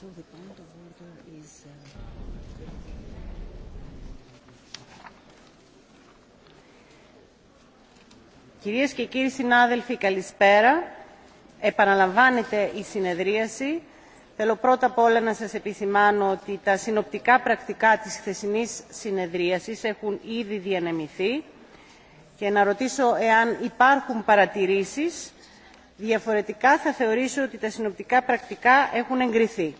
So uh, Κυρίες και κύριοι συνάδελφοι, καλησπέρα. Επαναλαμβάνεται η συνεδρίαση. Θέλω πρώτα απ' όλα να σας επισημάνω ότι τα συνοπτικά πρακτικά της χθεσινής συνεδρίασης έχουν ήδη διανεμηθεί και να ρωτήσω εάν υπάρχουν παρατηρήσεις Διαφορετικά θα θεωρήσω ότι τα συνοπτικά πρακτικά έχουν εγκριθεί.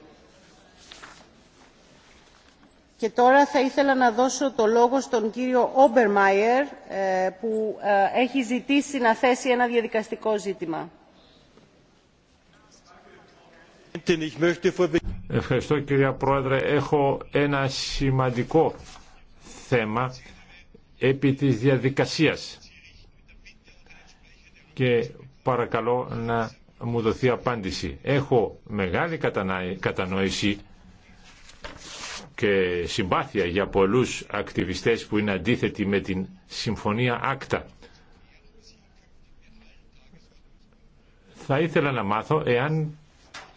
Και τώρα θα ήθελα να δώσω το λόγο στον κύριο Όμπερμαϊερ ε, που ε, έχει ζητήσει να θέσει ένα διαδικαστικό ζήτημα. Ευχαριστώ κυρία Πρόεδρε. Έχω ένα σημαντικό θέμα επί της διαδικασίας και παρακαλώ να μου δοθεί απάντηση. Έχω μεγάλη κατανόηση και συμπάθεια για πολλούς ακτιβιστές που είναι αντίθετοι με την Συμφωνία Άκτα. Θα ήθελα να μάθω εάν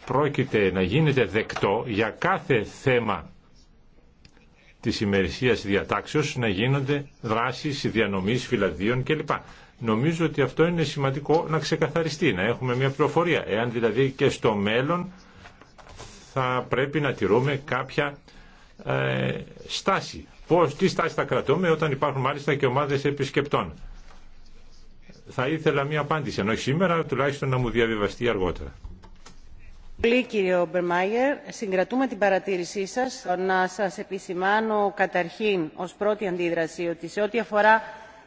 πρόκειται να γίνεται δεκτό για κάθε θέμα της ημερησίας διατάξεως να γίνονται δράσεις διανομής φυλαδίων κλπ. Νομίζω ότι αυτό είναι σημαντικό να ξεκαθαριστεί, να έχουμε μια πληροφορία. Εάν δηλαδή και στο μέλλον θα πρέπει να τηρούμε κάποια ε, στάση. Πώς, τι στάση θα κρατούμε όταν υπάρχουν μάλιστα και ομάδες επισκεπτών. Θα ήθελα μια απάντηση, ενώ σήμερα τουλάχιστον να μου διαβιβαστεί αργότερα κύριε Ομπερμάγερ. Συγκρατούμε την παρατήρησή σας. Να σα επισημάνω καταρχήν ως πρώτη αντίδραση ότι σε ό,τι αφορά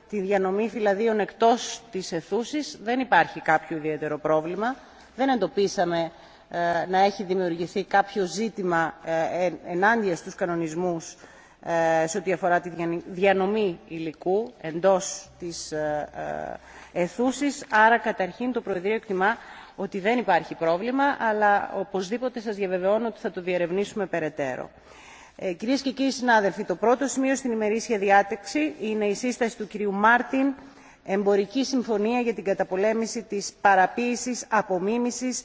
τη διανομή φυλαδίων εκτό της αιθούσης δεν υπάρχει κάποιο ιδιαίτερο πρόβλημα. Δεν εντοπίσαμε ε, να έχει δημιουργηθεί κάποιο ζήτημα ε, ενάντια στου κανονισμούς ε, σε ό,τι αφορά τη διανομή υλικού εντό της αιθούσης. Άρα καταρχήν το Προεδρείο εκτιμά ότι δεν υπάρχει πρόβλημα αλλά οπωσδήποτε σας διαβεβαιώνω ότι θα το διερευνήσουμε περαιτέρω. Ε, Κυρίε και κύριοι συνάδελφοι, το πρώτο σημείο στην ημερήσια διάταξη είναι η σύσταση του κυρίου Μάρτιν Εμπορική Συμφωνία για την καταπολέμηση της παραποίησης, απομίμησης